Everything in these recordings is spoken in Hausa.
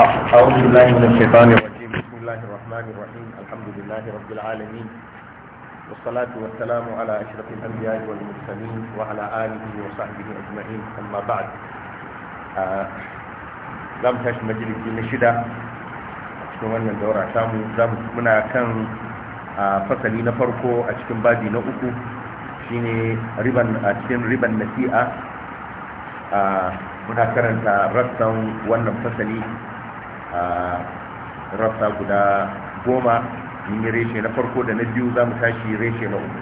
أعوذ بالله من الشيطان الرجيم بسم الله الرحمن الرحيم الحمد لله رب العالمين والصلاة والسلام على أشرف الأنبياء والمرسلين وعلى آله وصحبه أجمعين أما بعد لم تش مجلس نشدة cikin wannan daura samu muna kan fasali na farko a cikin babi na uku shine riban a cikin riban nasi'a muna karanta rassan wannan fasali rafta guda goma mun yi reshe na farko da na biyu za mu tashi reshe na uku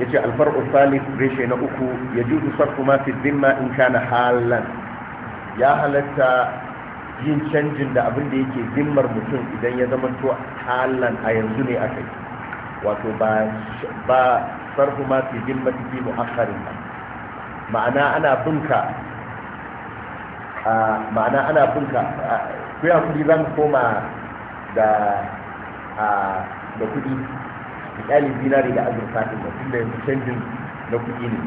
ya ce alfar'u salif reshe na uku ya juzu sarfu ma zimma in kana halan ya halatta yin canjin da abin da yake zimmar mutum idan ya zama to halan a yanzu ne aka yi wato ba sarfu ma fi zimma fi mu ba ma'ana ana binka ma'ana ana bunka ku ya kudi zan koma da da kudi misali dinari da azurfa din da tunda yanzu canjin na kudi ne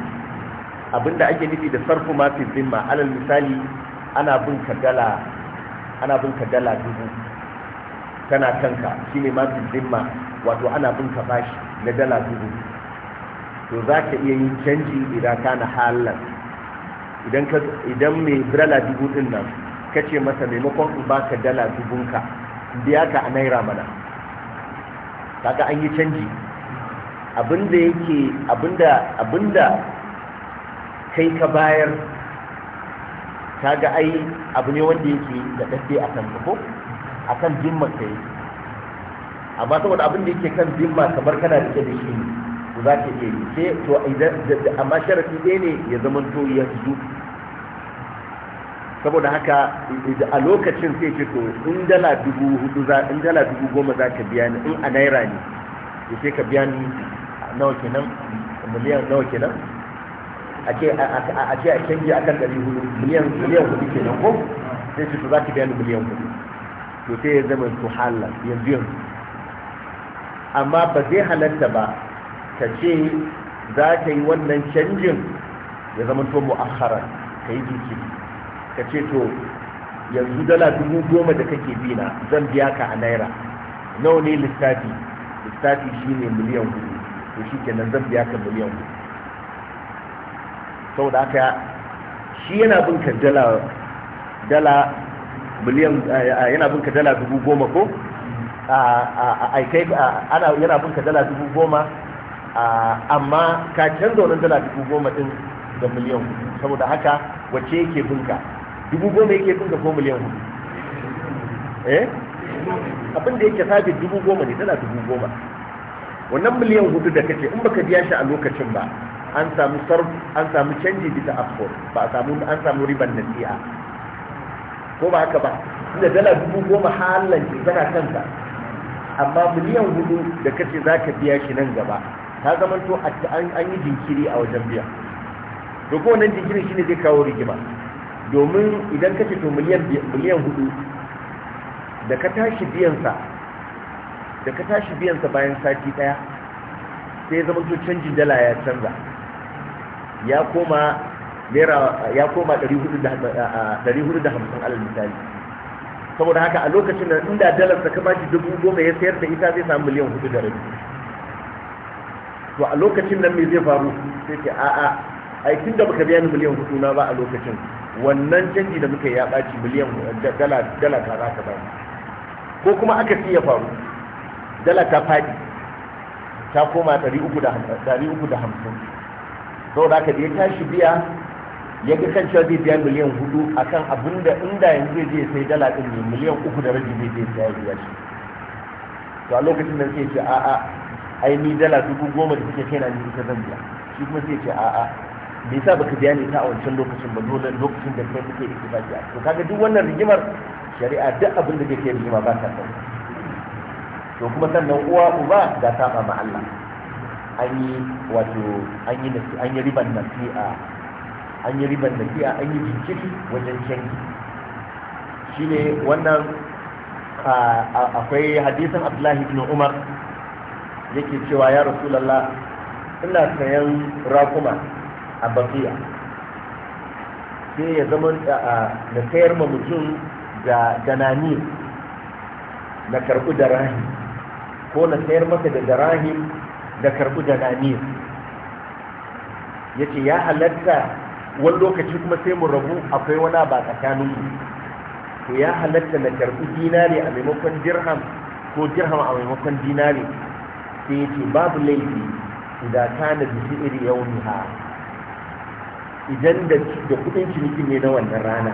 abinda ake nufi da sarfu ma fi zimma alal misali ana bunka dala ana bunka dala dubu tana kanka shine ma fi zimma wato ana bunka bashi na dala dubu to za ka iya yin canji idan kana halar idan ka idan mai dala dubu din nan ka ce masa maimakon in baka dala dubunka biya ka a naira mana kaga an yi canji abinda yake abinda abinda kai ka bayar kaga ai abu ne wanda yake da dade a kan ko a kan zimmar ka amma saboda abinda yake kan zimma kamar kana rike da shi ne za ta iya yi to idan amma sharafi ɗaya ne ya zama to zu saboda haka a lokacin sai ce to in dala dubu hudu za in dala dubu goma za ka biya ni in a naira ne ya sai ka biya ni nawa kenan miliyan nawa kenan a ce a ce a canji akan ɗari hudu miliyan miliyan hudu kenan ko sai ce to za ka biya ni miliyan hudu to sai ya zama to halal yanzu yanzu amma ba zai halatta ba ka ce za ka yi wannan canjin ya zama to mu'akhara ka yi jiki ka ce to yanzu dala dubu goma da kake bina zan biya ka a naira nawa ne lissafi lissafi shi ne miliyan hudu to shi kenan zan biya ka miliyan hudu saboda haka shi yana bin dala dala miliyan yana bin ka dala dubu goma ko a aikai ana yana ka dala dubu goma amma ka canza wannan dala dubu goma din da miliyan hudu saboda haka wacce yake binka dubu goma yake binka ko miliyan hudu eh abin da yake sabi dubu goma ne dala dubu goma wannan miliyan hudu da kake in baka biya shi a lokacin ba an samu sarf an samu canji bisa afkor ba a samu an samu riban nasiha ko ba haka ba inda dala dubu goma halan tana kanka amma miliyan hudu da kace zaka biya shi nan gaba ta zamanto an yi jinkiri a wajen biya to ko wannan jinkiri shine zai kawo rigima domin idan ka ce to miliyan miliyan hudu da ka tashi biyansa da ka tashi sa bayan sati daya sai ya zamanto canjin dala ya canza ya koma naira ya koma 450 alal misali saboda haka a lokacin da inda dalar ta kama shi dubu goma ya sayar da ita zai samu miliyan hudu da rabi to a lokacin nan me zai faru sai ce a'a ai tun da muka biya ni miliyan hudu na ba a lokacin wannan canji da muka yi ya ɓaci miliyan dala dala ta za ka ba ko kuma aka siya faru dala ta faɗi ta koma ɗari uku da hamsin Da haka da ya tashi biya ya ga kan cewa zai biya miliyan hudu a kan abin da inda yanzu zai je sai dala ɗin ne miliyan uku da rabi zai je sai ya biya shi to a lokacin da sai ce a'a ai ni dala dubu goma da kike kaina ne ita zan biya shi kuma sai ce a'a me yasa baka biya ni ta a wancan lokacin ba dole lokacin da kai muke ittifaqi to kaga duk wannan rigimar shari'a duk abin da kake rigima ba ta kai to kuma sannan uwa uba da saba ma Allah an yi wato an yi an yi riban nasi'a an yi riban nasi'a an yi jinkiri wajen canji shine wannan akwai hadisin Abdullahi ibn Umar yake cewa ya rasulallah ina sayan rakuma a bakiya sai ya zama na sayar ma mutum da ganani na karɓi da rahim ko na sayar masa da da rahim da karɓi da ganani ya ce ya halatta wani lokaci kuma sai mu rabu akwai wani ba mu to ya halatta na karɓi dinari a maimakon dirham ko dirham a maimakon dinari sai ya ce babu laifi ta na bi iri ha, idan da kudin ciniki ne na wannan rana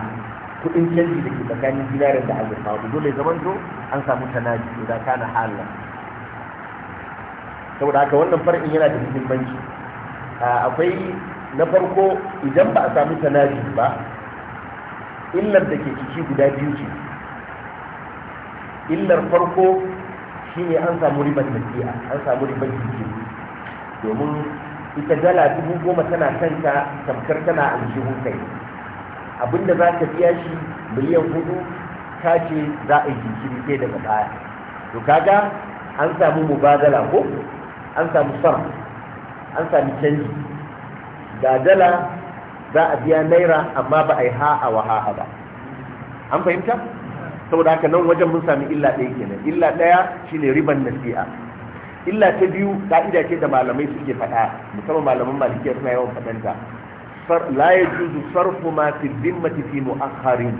kudin canji da ke tsakanin dinarin da azurfa ku dole zaman to an samu tanaji idan kana Sau saboda haka wannan far'in yana da muhimmanci akwai na farko idan ba a samu tanaji ba illar da ke ciki guda biyu ce illar farko shi ne an samu ribar tafiya, an samu ribar jiki domin ita dala dubu goma tana kanta tamkar tana alshihun kai abinda za ka biya shi miliyan hudu ka ce za a yi jinkiri sai daga baya to kaga an samu mubadala ko an samu fara, an sami canji ga dala za a biya naira amma ba a yi ha'a wa ha'a ba an fahimta saboda haka nan wajen mun sami illa ɗaya kenan illa ɗaya shine riban nasi'a illa ta biyu ka'ida ce da malamai suke faɗa musamman malaman malikiya suna yawan faɗanta la yajuzu sarfu ma fi dhimmati fi mu'akharin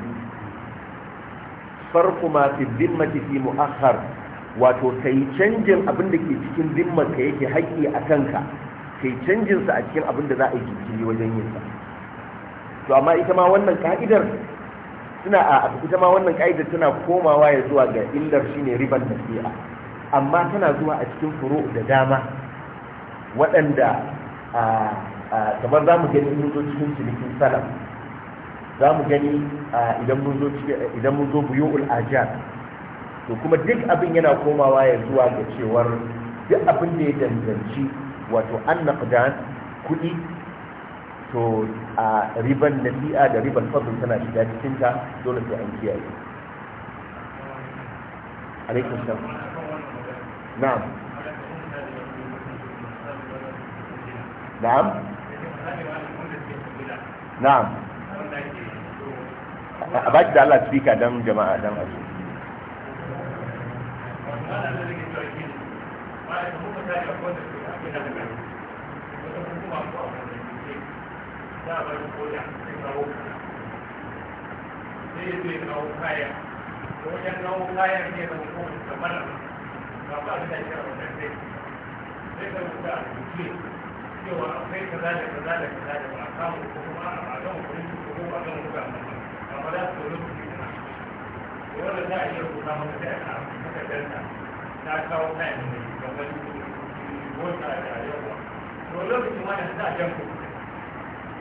sarfu ma fi dhimmati fi mu'akhar wato kai canjin abin da ke cikin dimmar ka yake haƙƙi a kanka kai canjin sa a cikin abin da za a yi jinkiri wajen yin sa to amma ita ma wannan ka'idar suna a ita ma wannan ka'idar tana komawa ya zuwa ga illar shine riban siya. amma tana zuwa a cikin furo da dama waɗanda kamar za mu gani mun zo cikin cinikin salam za mu gani idan mun zo buyo al'ajar, to kuma duk abin yana komawa ya zuwa ga cewar duk abin da ya danganci wato an kuɗi to a riban fi'a da riban fadun tana shiga cikin ta dole sai an kiyaye na'am na'am na'am a baki da Allah speaker dan jama'a dan aji. Thank you. za a zai kaya da wajen kawo kaya ne da da a a samu kuma a ko da a a ta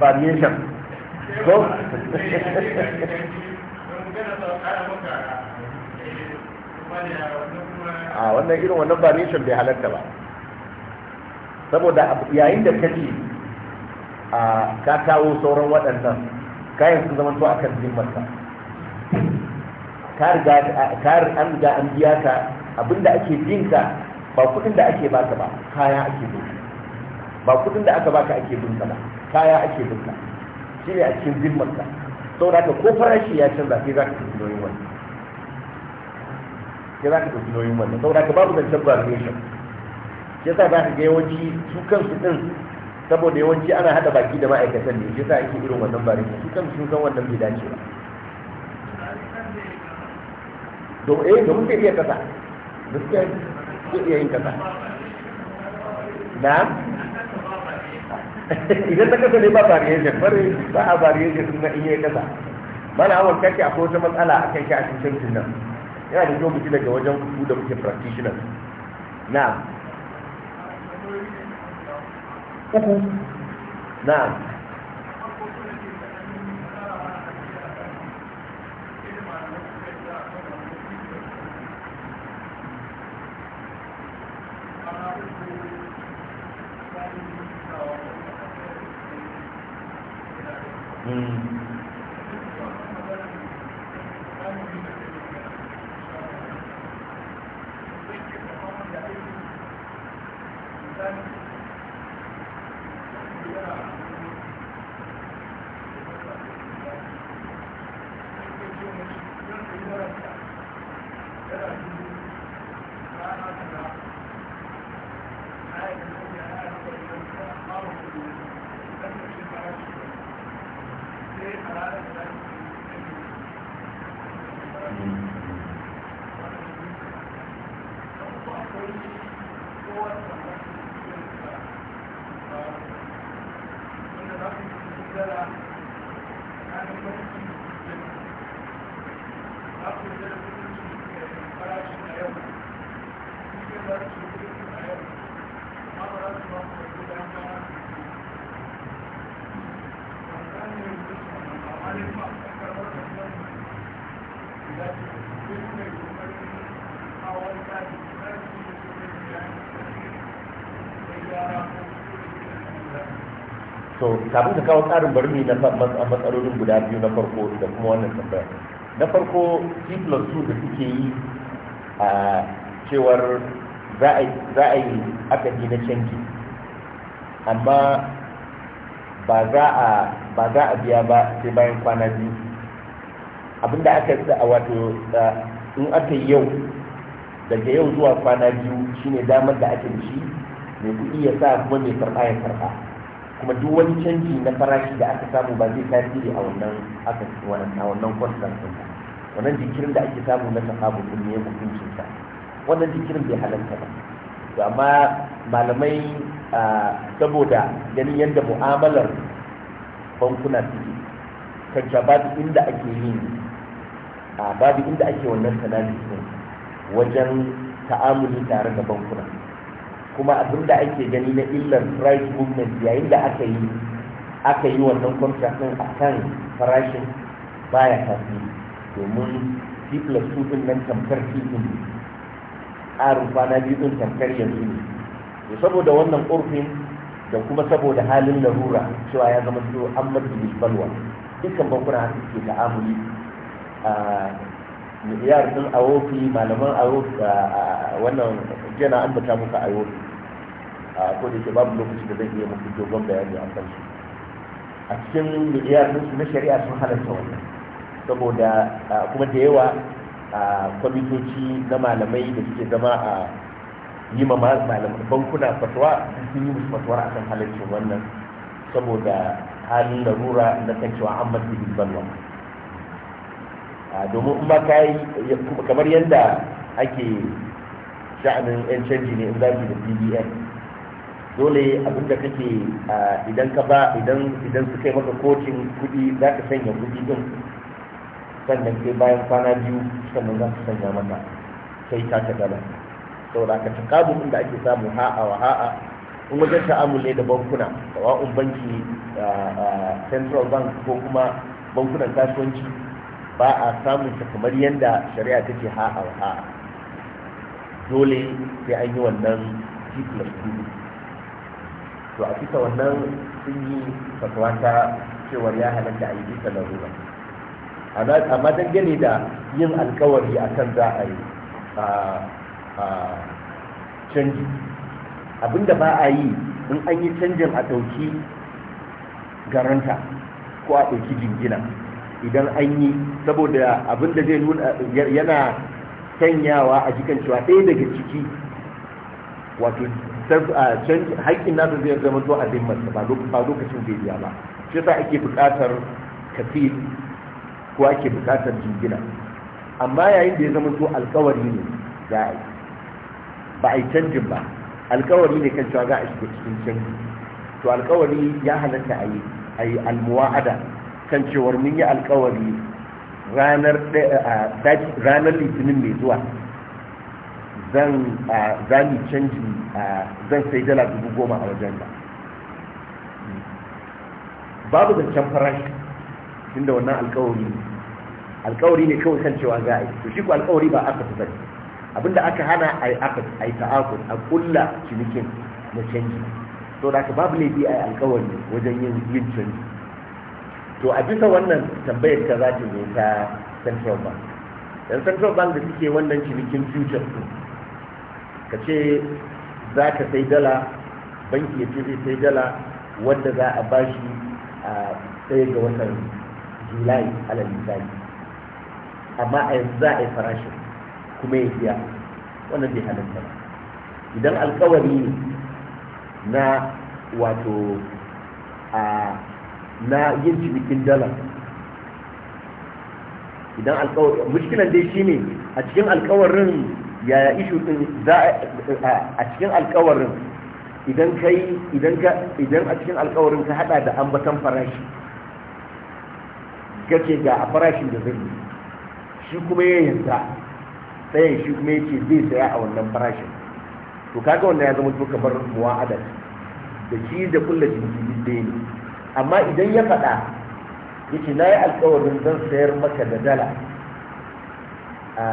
variation ah, wannan irin wannan variation bai halatta ba saboda yayin da ji a ka kawo sauran waɗannan kayan sun zama to akan zimmarsa ka riga an biya ka abinda ake jinka ba kudin da ake baka ba kaya ake binka ba kudin da aka baka ake binka ba kaya ake binka shi ne a cikin zimmarka saboda ko farashi ya canza sai za ka tafi noyin wannan sai za ka tafi nauyin wannan saboda ka babu zancen valuation shi yasa za ka ga yawanci su kansu din saboda yawanci ana hada baki da ma'aikatan ne shi yasa ake irin wannan barin su kansu sun san wannan bai dace ba domin eh domin zai iya kasa gaskiya zai iya yin kaza na idan ta kasa ne ba variation bare ba a variation na iya kaza mana awon kake akwai wata matsala a kai shi a cikin nan yana da kyau daga wajen kuku da muke practitioners na uku na to kafin ka kawo tsarin barmi na matsalolin guda biyu na farko da kuma wannan tambaya na farko c plus 2 da suke yi a cewar za a yi akadi na canji amma ba za a biya ba sai bayan kwana biyu abinda aka yi a wato in aka yi yau daga yau zuwa kwana biyu shine damar da ake da shi mai kuɗi ya sa kuma mai karɓa ya karɓa kuma duk wani canji na farashi da aka samu ba zai tasiri a wannan aka a wannan kwastan din ba wannan jikirin da ake samu na sahabu din ne hukuncin sa wannan jikirin bai halarta ba to amma malamai saboda ganin yadda mu'amalar bankuna suke kanta babu inda ake yi babu inda ake wannan sanadi wajen ta'amuli tare da bankuna kuma abin da ake gani na illar right movement yayin da aka yi aka yi wannan contract din a kan farashin baya tafi domin people su din nan tamkar a rufa kwana biyu din tamkar yanzu ne to saboda wannan ƙorfin da kuma saboda halin larura cewa ya zama to an mutu balwa dukkan bankuna haka suke amuli ah, ya din awofi malaman awofi a wannan jana an bata muka awofi a kodin ke babu lokaci da zai iya muku dogon bayani a kan shi a cikin miliyar su na shari'a sun halarta wannan saboda kuma da yawa a kwamitoci na malamai da suke zama a yi ma malamai bankuna fatuwa sun yi musu fatuwa a kan halarci wannan saboda halin larura na kan cewa an masu bilbalwa domin in ba ka yi kamar yadda ake sha'anin yan canji ne in za su da pdf dole abin da kake idan ka ba idan idan suka yi maka kocin kuɗi za ka sanya kuɗi din sannan sai bayan kwana biyu sannan za ka sanya maka sai ta ta gaba saboda ka ta kabin inda ake samu ha'a wa ha'a in wajen ta'amu ne da bankuna sawa'un banki central bank ko kuma bankunan kasuwanci ba a samun ta kamar yadda shari'a ta ce ha a ha dole sai an yi wannan g plus to a cika wannan sun yi fatawa ta cewar ya halatta a yi bisa larura amma dangane da yin alkawari a kan za a yi a canji abinda ba a yi in an yi canjin a ɗauki garanta ko a ɗauki jingina idan an yi saboda abin da zai nuna yana sanyawa a jikin cewa ɗaya daga ciki wato haƙƙin nasa zai zama zuwa a dimmarsa ba lokacin zai biya ba shi yasa ake buƙatar kafil ko ake buƙatar jingina amma yayin da ya zama to alkawari ne za a yi ba a yi canjin ba Alkawari ne kan cewa za a shiga cikin canji to alkawari ya halatta a yi a yi almuwa'ada kan cewar mun yi alkawari ranar litinin mai zuwa zan yi canji zan sai dala dubu goma a wajen da babu zancen farashi da wannan alkawari alkawari ne kawai kan cewa za a yi to shi ku alkawari ba aka fi zai abinda aka hana a yi aka a yi ta'akul a kulla cinikin na canji to da aka babu laifi a yi alkawari wajen yin canji to a bisa wannan tambayar ta za ta ta central bank dan central bank da suke wannan cinikin futures din ka ce za ka sai dala banki ya ce zai sai dala wanda za a bashi a tsaye ga watan julai alal misali amma a yanzu za a yi farashin kuma ya biya wannan bai halatta ba idan alkawari ne na wato a na yin cinikin dala idan alƙawarin mushkilan dai shi ne a cikin alƙawarin yaya ishu din za a cikin alƙawarin idan kai idan ka idan a cikin alƙawarin ka hada da ambatan farashi ce ga a farashin da zai yi shi kuma ya yanzu tsayin shi kuma ya ce zai saya a wannan farashin to kaga wannan ya zama to bar muwa'ada da shi da kullace dai ne amma idan ya faɗa yake na yi alkawarin zan sayar maka da dala a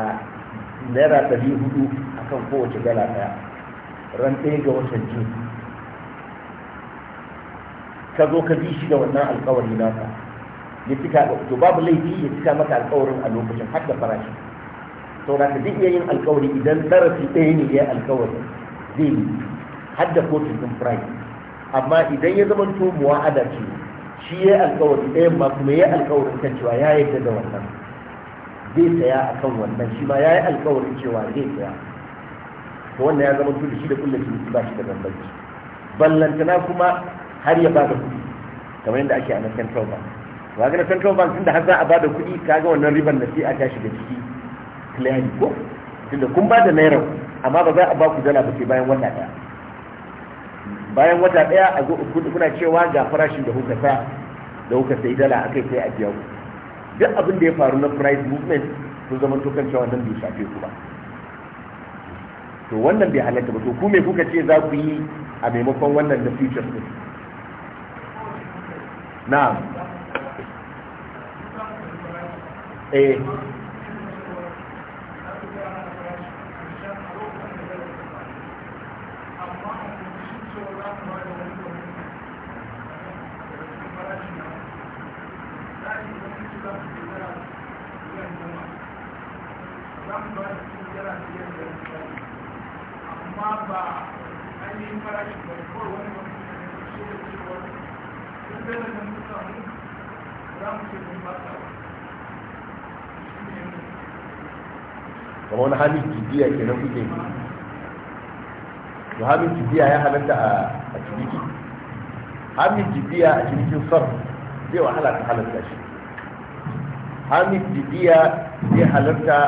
naira ɗari hudu a kan kowace dala ɗaya ran ɗaya ga watan jin ka zo ka bi shi da wannan alkawari naka ya cika to babu laifi ya cika maka alkawarin a lokacin har da farashi da ka duk iya yin alkawari idan darasi ɗaya ne ya yi alkawari zai yi har da kotun ɗin price amma idan ya zama to ada ce shi ya alkawari ɗayan ma kuma ya alkawarin kan cewa ya yi da wannan zai saya a kan wannan shi ma ya yi alkawarin cewa zai saya to wannan ya zama to da shi da kullum shi ba shi da bambanci ballantana kuma har ya ba da kuɗi kamar yadda ake a na central bank ba ga na central bank tunda har za a ba da kuɗi kaga wannan riban da sai a tashi da ciki clearly ko tunda kun ba da naira amma ba za a ba ku dala ba sai bayan wata ɗaya bayan wata daya a zo kuna cewa ga farashin da kuka sa da kuka sai dala akai sai a biya duk abin da ya faru na price movement sun zama to kan cewa nan bai shafe ku ba to wannan bai halatta ba to ku me kuka ce za ku yi a maimakon wannan na future din na'am eh wani hamis jibiya ke nan kuke to hamis jibiya ya halatta a ciniki Hamis jibiya a cinikin sar zai wahala ta halatta shi Hamis jibiya zai halatta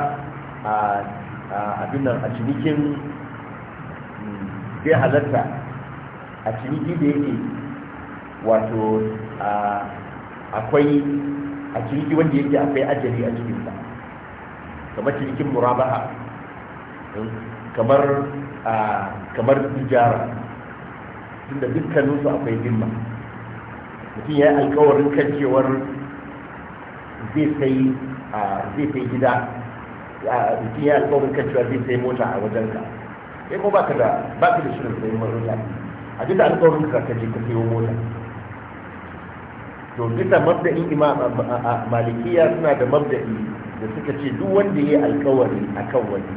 a abin nan a cinikin zai halatta a ciniki da yake wato akwai a ciniki wanda yake akwai ajali a cikinsa kamar cikin murabaha hmm, kamar kamar tijara tunda dukkaninsu akwai himma mutum ya yi alkawarin kan cewar zai sai zai sai gida mutum ya yi alkawarin kan cewar zai sai mota a wajen eh, ka ya ko baka da baka da shirin sai mota a duk da alkawarin ka ka ka sayo mota to bisa mabda'in imam malikiya suna da mabda'i da suka ce duk wanda ya yi alkawari a kan wani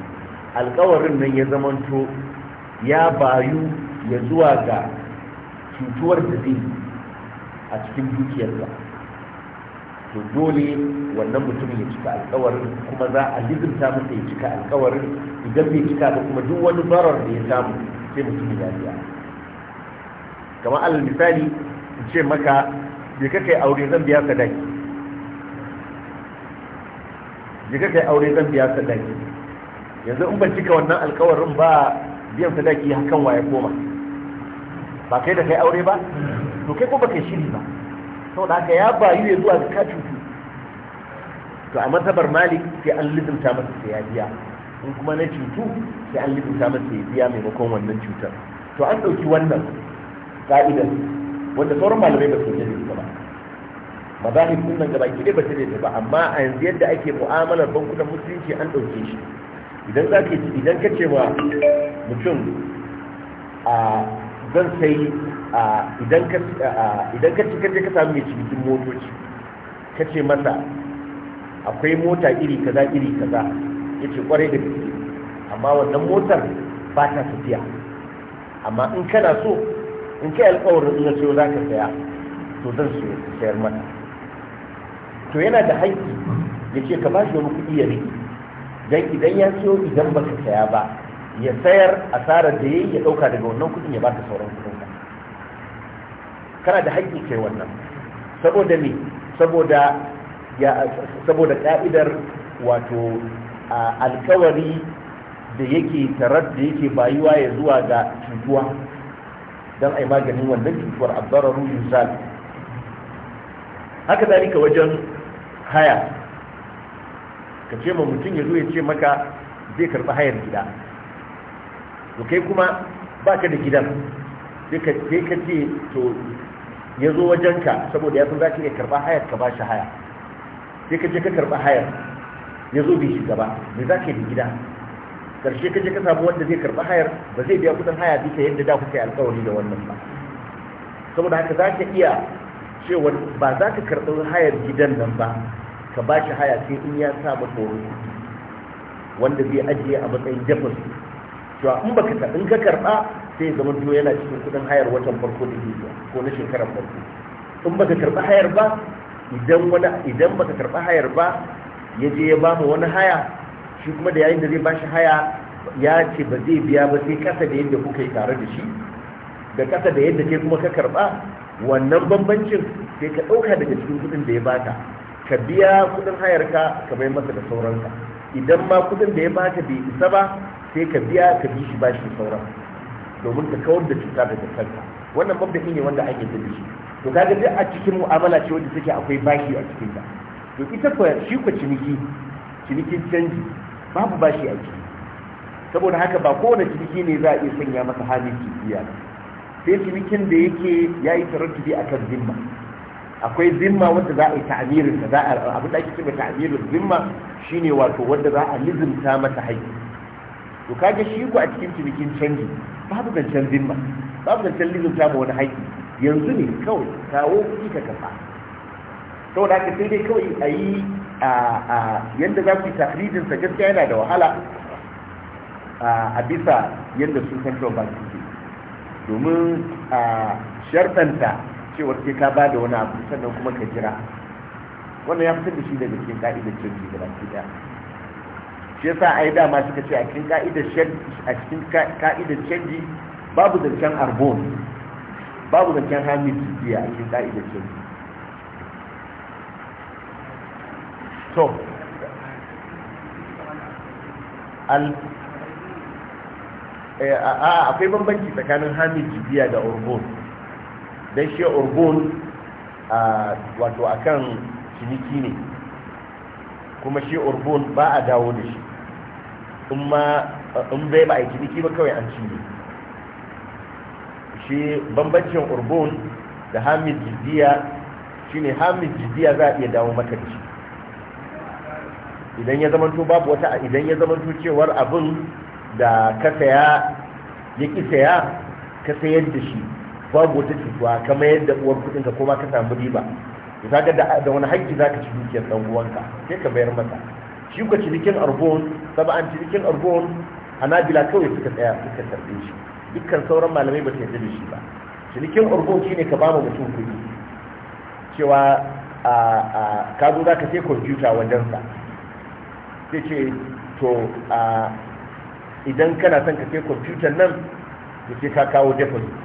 alkawarin nan ya zamanto ya bayu ya zuwa ga cutuwar da zai a cikin dukiyarsa to dole wannan mutumin ya cika alkawarin kuma za a lizinta masa ya cika alkawarin idan bai cika ba kuma duk wani barar da ya samu sai mutum ya biya kamar alal misali in ce maka bai ka aure zan biya sadaki shiga kai aure zan biya sadaki yanzu in ban cika wannan alkawarin ba biyan sadaki hakan waye koma ba kai da kai aure ba to kai ko baka shiri ba da haka ya bayu ya zuwa ga katutu to a matabar malik sai an lizimta masa sai ya biya in kuma na cutu sai an lizimta masa ya biya maimakon wannan cutar to an ɗauki wannan ka'idar wanda sauran malamai ba su yi ba mazahib sun nan gaba kide ba ta ba amma a yanzu yadda ake mu'amalar bankunan musulunci an ɗauke shi idan za ka idan ka ce wa mutum a zan sai idan ka idan ka ci kaje ka samu mai cikin motoci ka ce masa akwai mota iri kaza iri kaza yace kwarai da gaske amma wannan motar ba ta tafiya amma in kana so in kai alƙawarin in na za ka saya to zan sayar mata to yana da haƙƙi ya ce ka bashi wani kuɗi ya riƙe dan idan ya siyo idan baka saya ba ya sayar asarar da yayi ya ɗauka daga wannan kuɗin ya baka sauran kuɗin ka kana da haƙƙi kai wannan saboda me saboda ya saboda ka'idar wato alkawari da yake tarar da yake bayuwa ya zuwa ga cutuwa don a yi maganin wannan cutuwar a abdararu yuzal haka zalika wajen haya ka ce ma mutum ya zo ya ce maka zai karɓi hayar gida to kai kuma baka da gidan sai ka ce to ya zo wajenka saboda ya san za ka iya karɓa hayar ka ba shi haya sai ka je ka karɓa hayar ya zo bai shiga gaba, me za ka yi gida karshe ka je ka samu wanda zai karɓa hayar ba zai biya kudin haya bisa yadda da kuka yi alƙawari da wannan ba saboda haka za ka iya cewa ba za ka karɓi hayar gidan nan ba ka ba shi haya sai in ya sa ba tsoro wanda zai ajiye a matsayin jefin cewa in ba ka in ka karɓa sai zama to yana cikin kuɗin hayar watan farko da zuwa ko na shekarar farko in ba ka karɓi hayar ba idan wani idan ba ka karɓi hayar ba ya je ya bamu wani haya shi kuma da yayin da zai ba shi haya ya ce ba zai biya ba sai kasa da yadda kuka yi tare da shi da kasa da yadda ke kuma ka karɓa wannan bambancin sai ka ɗauka daga cikin kudin da ya baka ka biya kudin hayarka ka bai masa da sauranka idan ma kudin da ya baka bai isa ba sai ka biya ka bi shi bashin sauran domin ka kawar da cuta daga kanka wannan mabda'i ne wanda ake da shi to kaga duk a cikin mu'amala ce wanda take akwai bashi a cikin ta to ita fa shi ku ciniki cinikin canji babu bashi a ciki saboda haka ba kowane ciniki ne za a iya sanya masa hali biya sai cinikin da yake ya yi tarattubi a kan zimma akwai zimma wadda za a yi ta'amirin da za a abu da ake cewa ta'amirin zimma shine wato wanda za a lizimta mata haƙƙi to kage shi ku a cikin cinikin canji babu zancen zimma babu zancen lizimta ma wani haƙƙi yanzu ne kawai kawo kuɗi ka kafa saboda haka sai dai kawai a yi yadda za ku yi tafrijinsa gaskiya yana da wahala a bisa yadda su ba su ke. domin a sharɗanta cewar ke ka bada wani abu sannan kuma ka jira wannan ya fitar da shi daga cikin ka'idar canji da baki ɗaya. shi yasa yi dama suka ce a cikin ka'idar canji babu zancen arbon babu zancen hamid jiya a cikin ka'idar canji to Eh, a akwai bambanci tsakanin hamid jibiya da urbun don shi orgon wato akan ciniki ne kuma shi urbun ba a dawo da shi in bai ba a ciniki ba kawai an cinye shi bambancin urbun da hamid jibiya shine hamid jibiya za a iya dawo maka da shi idan ya zamanto babu wata idan ya zamanto cewar abin da ka saya ya ki saya ka sayar da shi babu wata cutuwa kamar yadda uwar kudin ka koma ka samu riba to kaga da wani haƙƙi zaka ci dukiyar dan uwanka sai ka bayar masa shi ka cinikin arbon saba an cinikin arbon anabila kawai suka tsaya suka tarbe shi dukkan sauran malamai ba su yarda da shi ba cinikin arbon shine ka ba mu mutum kuɗi cewa ka zo za ka sai kwamfuta wajensa sai ce to idan kana son ka kai kwamfuta nan da ke ka kawo deposit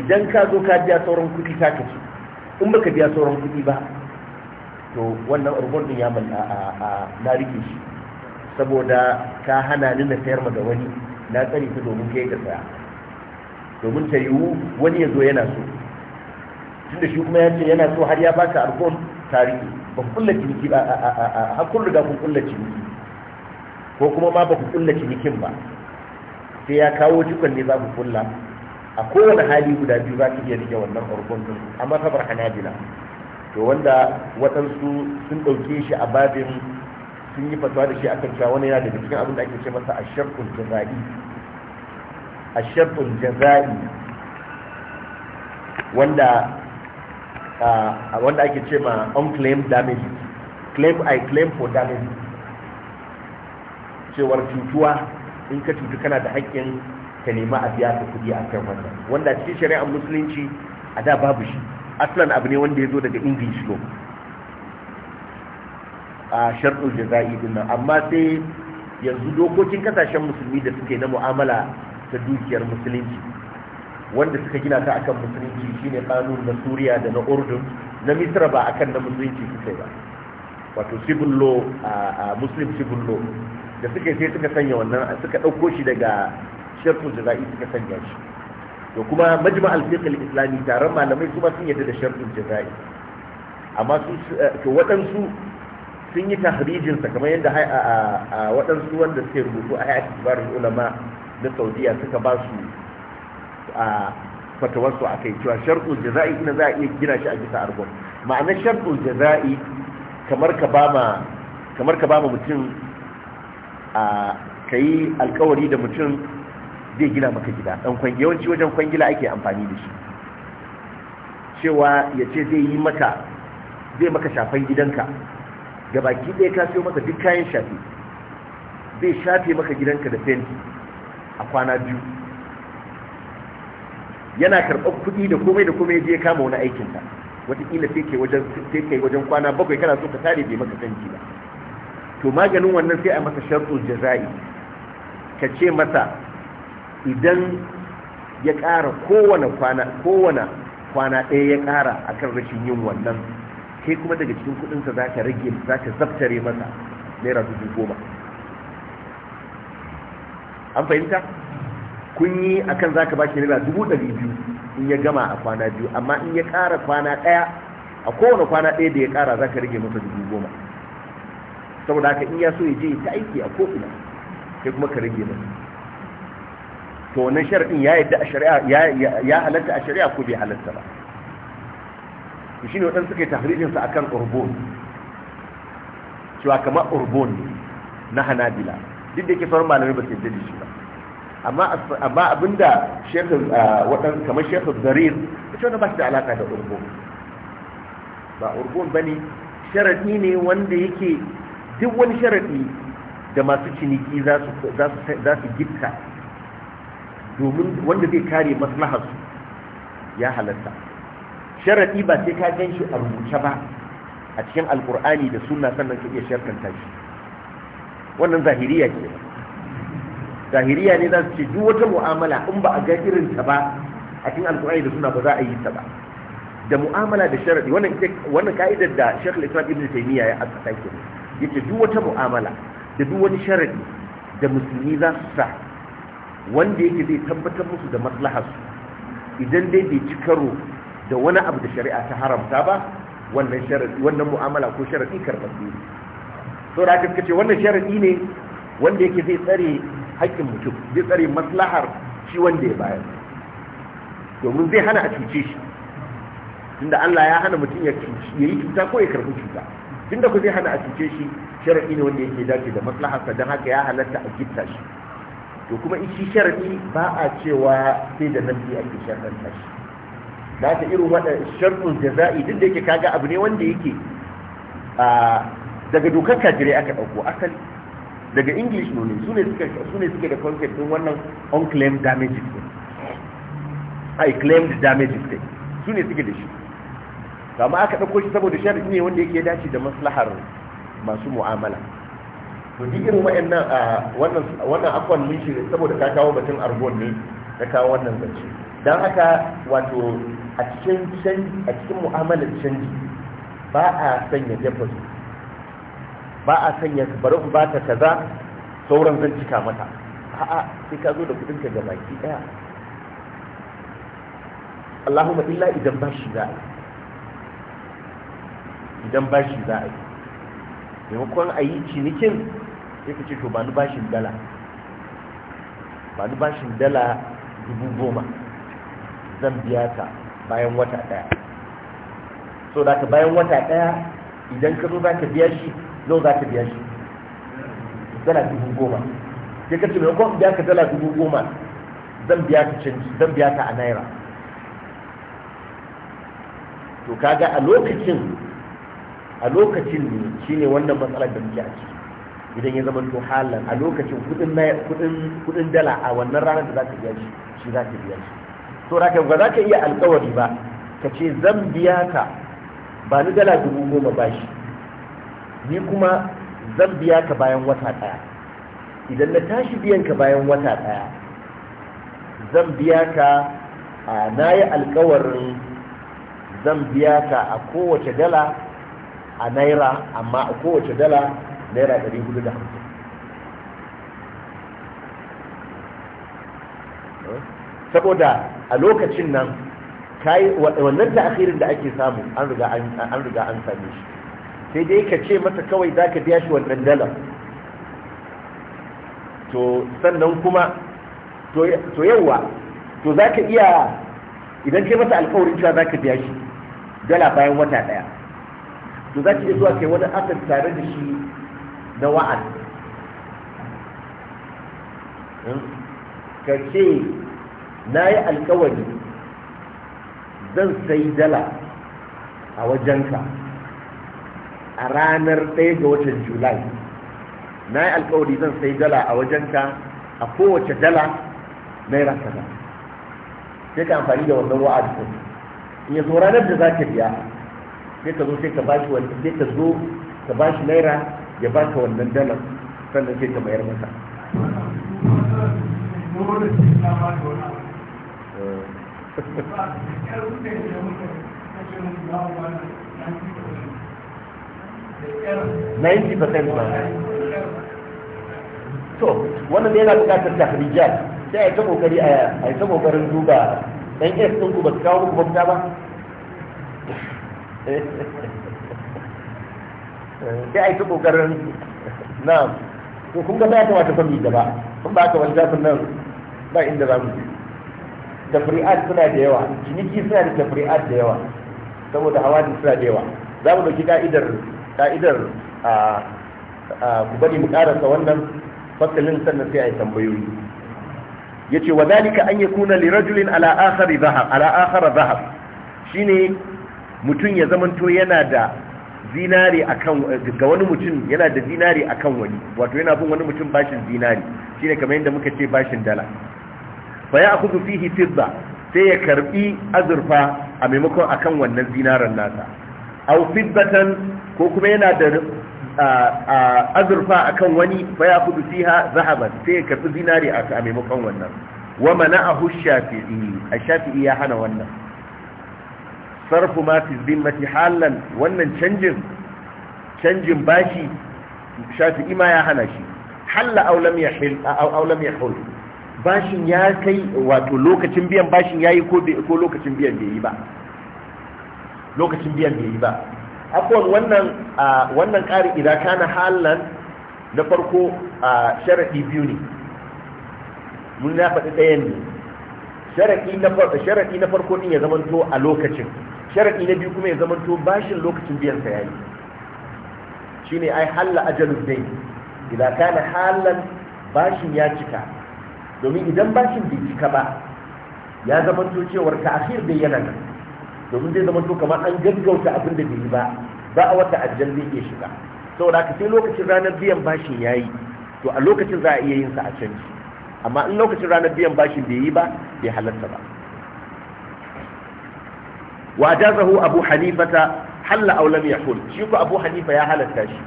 idan ka zo ka biya sauran kuɗi ta ka ce in baka biya sauran kuɗi ba to wannan urban din ya man a na rike shi saboda ka hana ni na sayar da wani na tsare ta domin kai ka saya domin ta yiwu wani ya zo yana so tunda shi kuma ya ce yana so har ya baka urban tarihi ba kullaci miki ba a kun riga kun kullace miki ko kuma ma ba ku kulla cinikin ba sai ya kawo cikon ne za ku kulla a kowane hali guda biyu za ki iya rike wannan farkon din a masabar hanabila to wanda waɗansu sun ɗauke shi a babin sun yi fatuwa da shi akan cewa wani yana daga cikin abin da ake ce masa a ashabul jaza'i shafin jaza'i wanda wanda ake ce ma unclaimed damages claim i claim for damages cewar cutuwa in ka cutu kana da haƙƙin ka nema a biya ka kuɗi a kan wannan wanda cikin shari'ar musulunci a da babu shi aslan abu ne wanda ya zo daga english lo a sharɗin jaza'i din nan amma sai yanzu dokokin kasashen musulmi da suke na mu'amala ta dukiyar musulunci wanda suka gina ta akan musulunci shine kanun na suriya da na urdun na misra ba akan na musulunci suka ba wato civil law a muslim civil law da suka sai suka sanya wannan suka ɗauko shi daga sharfin jaza'i suka sanya shi To kuma majma al islami taron malamai su ma sun yarda da shirkun jaza'i amma su to waɗansu sun yi tahrijin sa kamar yadda a waɗansu wanda suke rubutu a hayati kibarin ulama na saudiya suka ba su a fatawar su kai cewa shirkun jaza'i ina za a iya gina shi a bisa argon ma'anar shirkun jaza'i kamar ka ba ma mutum a yi alkawari da mutum zai gina maka gida Ɗan kwangi yawanci wajen kwangila ake amfani da shi cewa ya ce zai yi maka zai maka shafan gidanka ga baki ɗaya ka sayo maka duk kayan shafi zai shafe maka gidanka da fenti a kwana biyu yana karɓar kuɗi da komai da komai zai kama wani aikinka wataƙila sai ke wajen kwana bakwai kana so ka tare bai maka fenti ba to maganin wannan sai a masa shartul jaza'i ka ce masa idan ya ƙara kowane kwana kowane kwana ɗaya ya ƙara kan rashin yin wannan kai kuma daga cikin kuɗinsa za ka rage za ka zaftare masa naira dubu goma an fahimta kun yi a kan za ka ba shi naira dubu ɗari biyu in ya gama a kwana biyu amma in ya ƙara kwana ɗaya a kowane kwana ɗaya da ya ƙara za ka rage masa dubu goma saboda haka in ya so ya je ta aiki a ko'ina sai kuma ka rage masa to wannan sharaɗin ya yadda a shari'a ya halatta a shari'a ko bai halatta ba to shine waɗansu suka yi a akan urbon cewa kamar urbon ne na hanabila duk da yake sauran malamai ba su yadda shi ba amma abinda shekul ah, waɗansu kamar shekul zarir ita wani ba shi da alaƙa da urbon ba urbon ba ne sharaɗi ne wanda yake duk wani sharaɗi da masu ciniki za su gitta domin wanda zai kare maslaharsu ya halatta sharaɗi ba sai ka gan shi a rubuce ba a cikin alkur'ani da suna sannan ka iya sharkanta shi wannan zahiriya ke zahiriya ne za su ce duk wata mu'amala in ba a ga irin ta ba a cikin alkur'ani da suna ba za a yi ta ba da mu'amala da sharaɗi. wannan ka'idar da Sheikh Al-Islam Ibn Taymiyyah ya aka sake ne yace duk wata mu'amala da duk wani sharadi da musulmi za su sa wanda yake zai tabbatar musu da maslahar su idan dai bai ci karo da wani abu da shari'a ta haramta ba wannan sharadi wannan mu'amala ko sharadi karɓaɓɓe ne da haka ce wannan sharadi ne wanda yake zai tsare haƙƙin mutum zai tsare maslahar shi wanda ya bayar domin zai hana a cuce shi tunda Allah ya hana mutum ya yi cuta ko ya karɓi cuta tunda ku zai hana a cuce shi sharadi ne wanda yake dace da maslaharsa don haka ya halatta a gitta shi to kuma shi sharadi ba a cewa sai da nafi ake sharadanta shi da ta irin wada shartun jaza'i duk da yake kaga abu ne wanda yake a daga dokar kajire aka dauko asali daga english ne su ne suke su ne suke da concept din wannan unclaimed damages ai claimed damages su ne suke da shi amma aka ɗauko shi saboda shari'i ne wanda yake dace da maslahar masu mu'amala to duk irin wa'annan wannan wannan akwan mun shi saboda ka kawo batun argon ne ka kawo wannan zance dan haka wato a cikin canji a cikin mu'amalar canji ba a sanya deposit ba a sanya bari ku bata kaza sauran zan cika mata a'a sai ka zo da kudin ka gabaki daya Allahumma illa idan ba shi da. idan bashi za a yi maimakon a yi cinikin ya ka ce to ba ni bashin dala ba ni bashin dala dubu goma zan biya ta bayan wata ɗaya so da ka bayan wata ɗaya idan ka zo za ka biya shi zo za ka biya shi dala dubu goma ya ka ce maimakon biya ka dala dubu goma zan biya ta canji zan biya ta a naira to kaga a lokacin a lokacin ne shine wannan matsalar da muke a ciki idan ya zama to halan a lokacin kudin dala a wannan ranar da za ka biya shi shi za ka biya shi to raka ba za ka iya alƙawari ba ka ce zan biya ka ba ni dala dubu goma ba shi ni kuma zan biya ka bayan wata ɗaya idan na tashi biyan ka bayan wata ɗaya zan biya ka a na yi alƙawarin zan biya ka a kowace dala a naira amma a kowace dala naira ɗari hudu da hamsin saboda a lokacin nan wannan da akirin da ake samu an riga an same shi sai dai ka ce masa kawai za ka biya shi wannan dalar to sannan kuma to yawwa to za ka iya idan kai masa alkawarin cewa za ka biya shi dala bayan wata ɗaya to za ki zuwa kai wani asar tare da shi na wa'azi hmm? ka ce na yi alkawari zan sai dala a wajenka a ranar ɗaya ga watan julai na yi alkawari zan sai dala a wajenka a kowace dala naira kaza sai ka amfani da wannan wa'adin in ya zo ranar da za ka biya sai ka zo sai ka shi wani sai ka zo ka bashi naira ya ka wannan dalar sannan sai ka mayar masa percent ba. To, wannan yana bukatar tahrijat sai a yi ta kokari a yi ta kokarin duba ɗan S ɗin ku ba su kawo ku ba sai a yi ta ƙoƙarin na ko kun ga ya kamata fami gaba kun ba ka wani zafin nan ba inda za mu je tafri'at suna da yawa ciniki suna da tafri'at da yawa saboda hawadin suna da yawa za mu ɗauki ka'idar ka'idar ku bari mu ƙarasa wannan fasalin sannan sai a yi tambayoyi yace wa zalika an yakuna li rajulin ala akhari dhahab ala shine mutum ya zamanto yana da zinari akan ga wani mutum yana da zinari akan wani wato yana bin wani mutum bashin zinari shine kamar yadda muka ce bashin dala fa ya'khudhu fihi fidda sai ya karbi azurfa a maimakon akan wannan zinaran nasa aw fiddatan ko kuma yana da azurfa akan wani fa ya'khudhu fiha zahaban sai ya karbi zinari a maimakon wannan wa mana'ahu shafi'i ashafi'i ya hana wannan sarfu ma fi zimmati halan wannan canjin canjin bashi shafi'i ma ya hana shi halla aw lam yahil aw lam yahul bashin ya kai wato lokacin biyan bashin yayi ko ko lokacin biyan bai yi ba lokacin biyan bai yi ba akwai wannan wannan ƙari idan kana halan na farko sharadi biyu ne mun na faɗi ɗayan ne sharadi na farko sharadi na farko din ya zamanto a lokacin sharadi na biyu kuma ya zama to bashin lokacin biyan sa yayi shine ai halla ajalud dai idan kana halan bashin ya cika domin idan bashin bai cika ba ya zama to cewar ta akhir dai yana nan domin zai zama to kamar an gaggauta abin da bai yi ba ba a wata ajal zai iya shiga saboda haka sai lokacin ranar biyan bashin yayi to a lokacin za a iya yin sa a canji amma in lokacin ranar biyan bashin bai yi ba bai halarta ba wa jazahu abu hanifata halla aw lam yahul shi ko abu hanifa ya halatta shi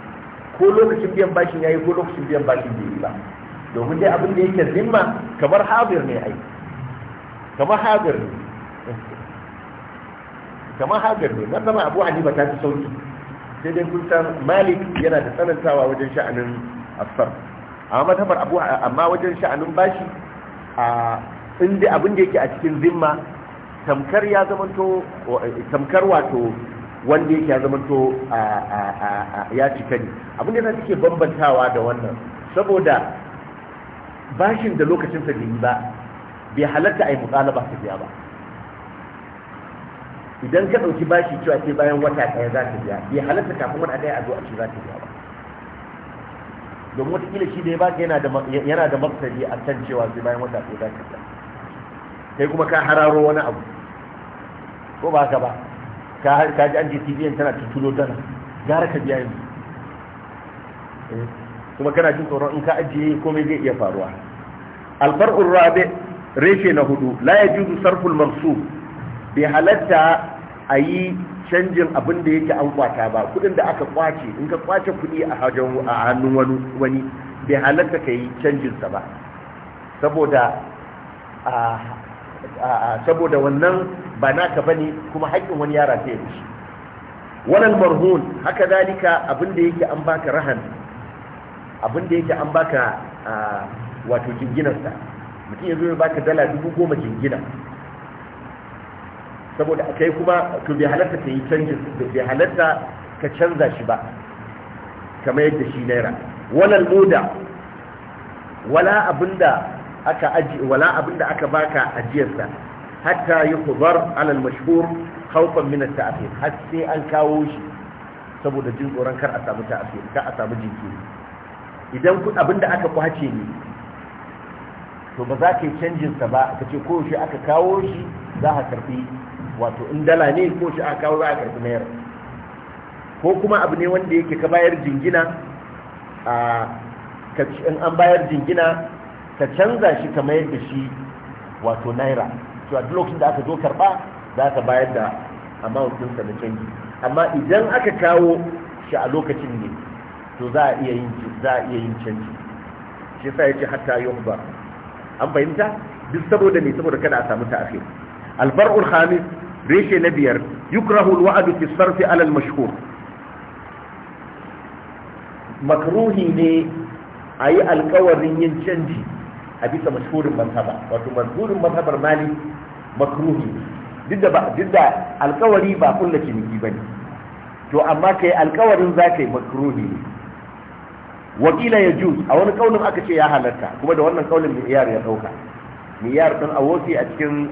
ko lokacin biyan bashin yayi ko lokacin biyan bashin bai yi ba domin dai abin da yake zimma kamar hadir ne ai kamar hadir ne kamar hadir ne na zama abu hanifa ta fi sauki sai dai kun san malik yana da tsanantawa wajen sha'anin asfar amma matabar abu amma wajen sha'anin bashi a inda abin da yake a cikin zimma tamkar ya zamanto tamkar wato wanda yake ya zamanto ya cika ne abin da na take bambantawa da wannan saboda bashin da lokacin sa yi ba bai halatta a yi mukalaba ta biya ba idan ka ɗauki bashi cewa sai bayan wata ɗaya za ta biya bai halatta kafin wani ɗaya a zo a ce za ta biya ba domin watakila shi da ya baka yana da maksari a kan cewa sai bayan wata ɗaya za ta biya kai kuma ka hararo wani abu ko ba haka ba ka ji an ji TVN tana tutulo dana gara ka biya yi eh, kuma kana jin tsoron in ka ajiye komai zai iya faruwa alfar'ur Rabe, reshe na hudu la ya juzu sarful mansu bai halatta a yi canjin abin da yake an kwata ba kudin da aka kwace in ka kwace kudi a hannun wani wani bai halatta ka yi canjin sa ba saboda saboda wannan ba naka bane kuma haƙƙin wani yara zai ya shi wannan marhun haka zalika abin da yake an baka rahan abin da yake an baka wato jinginarsa mutum ya zo ya baka dala dubu goma jingina saboda kai kuma to bai halatta ka yi canjin bai halatta ka canza shi ba kamar yadda shi naira wannan loda wala abinda aka aji wala abinda aka baka ajiyarsa hatta yuhbar ala al-mashhur khawfan min at-ta'khir har sai an kawo shi saboda jin tsoron kar a samu ta'khir kar a samu jinkiri idan ku abinda aka kwace ne to ba za ka yi canjin ba ka ce ko shi aka kawo shi za karbi wato dala ne ko shi aka kawo za naira ko kuma abu ne wanda yake ka bayar jingina a in an bayar jingina ka canza shi ka mayar da shi wato naira to lokacin da aka zo karba za ka bayar da amount din na canji amma idan aka kawo shi a lokacin ne to za a iya yin za a iya yin canji shi yasa yace hatta yuhba an fahimta duk saboda ne saboda kada a samu ta al-far'u khamis reshe na biyar yukrahu al-wa'du fi sarfi ala al makruhi ne ayi alƙawarin yin canji a bisa mashhurin mazhaba wato mashhurin mazhabar mali makruhi duk da duk da alkawari ba kullu miki bane to amma kai alkawarin zakai ka yi makruhi ne wakila ya juz a wani kaulin aka ce ya halarta kuma da wannan kaunin iyar ya dauka miyar din a wofi a cikin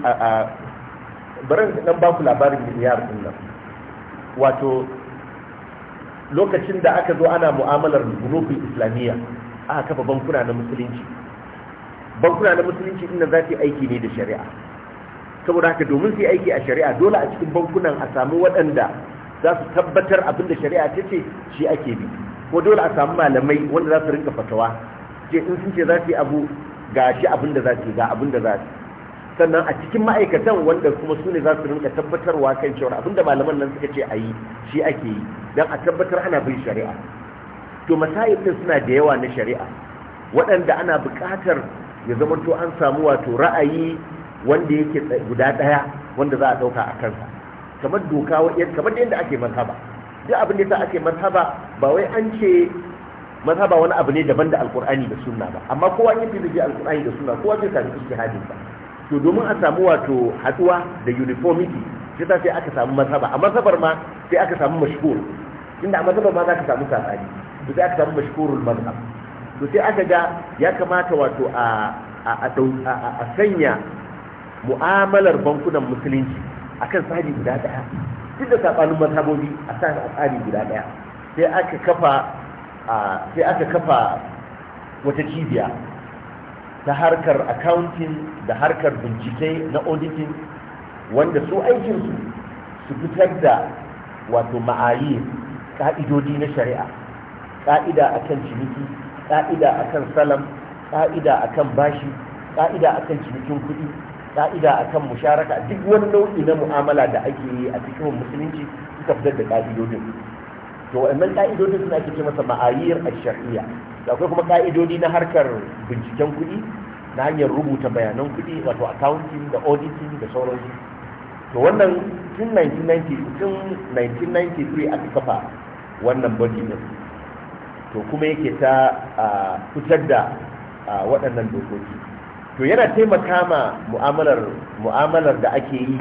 barin dan ba ku labarin miyar din nan wato lokacin da aka zo ana mu'amalar bunukul islamiyya aka kafa bankuna na musulunci bankuna na musulunci inda za su yi aiki ne da shari'a saboda haka domin su yi aiki a shari'a dole a cikin bankunan a samu waɗanda za su tabbatar abin da shari'a ta ce shi ake bi ko dole a samu malamai wanda za su rinka fatawa ce in sun ce za su yi abu ga shi abin da za su yi ga abin da za su sannan a cikin ma'aikatan wanda kuma su ne za su rinka tabbatarwa kan cewa abin da malaman nan suka ce a yi shi ake yi don a tabbatar ana bin shari'a to masayin suna da yawa na shari'a waɗanda ana buƙatar ya zama to an samu wato ra'ayi wanda yake guda daya wanda za a dauka a kansa kamar doka kamar da yadda ake mazhaba duk abin da yasa ake mazhaba ba wai an ce mazhaba wani abu ne daban da alkur'ani da sunna ba amma kowa yin fi da alkur'ani da sunna kowa zai sami ijtihadin sa to domin a samu wato haduwa da uniformity shi ta sai aka samu mazhaba a mazhabar ma sai aka samu mashhur inda a mazhabar ma za ka samu sabani to sai aka samu mashhurul mazhab to sai aka ga ya kamata wato a sanya mu'amalar bankunan musulunci a kan tsari guda daya duk da sabanin matabobi a sa a tsari guda daya sai aka kafa sai aka kafa wata cibiya ta harkar accounting da harkar bincike na auditing wanda su aikinsu su fitar da wato ma'ayi ka'idodi na shari'a ka'ida akan ciniki ƙa'ida akan salam ƙa'ida akan bashi ƙa'ida akan cinikin kuɗi ƙa'ida akan musharaka duk wani nau'i na mu'amala da ake yi a cikin musulunci suka fitar da ƙa'idodin to wannan ƙa'idodin suna ake masa ma'ayiyar a shari'a da akwai kuma ƙa'idodi na harkar binciken kuɗi na hanyar rubuta bayanan kuɗi wato accounting da auditing da sauransu to wannan tun 1993 aka kafa wannan body din to kuma yake ta fitar da waɗannan dokoki to yana taimaka ma mu'amalar mu'amalar da ake yi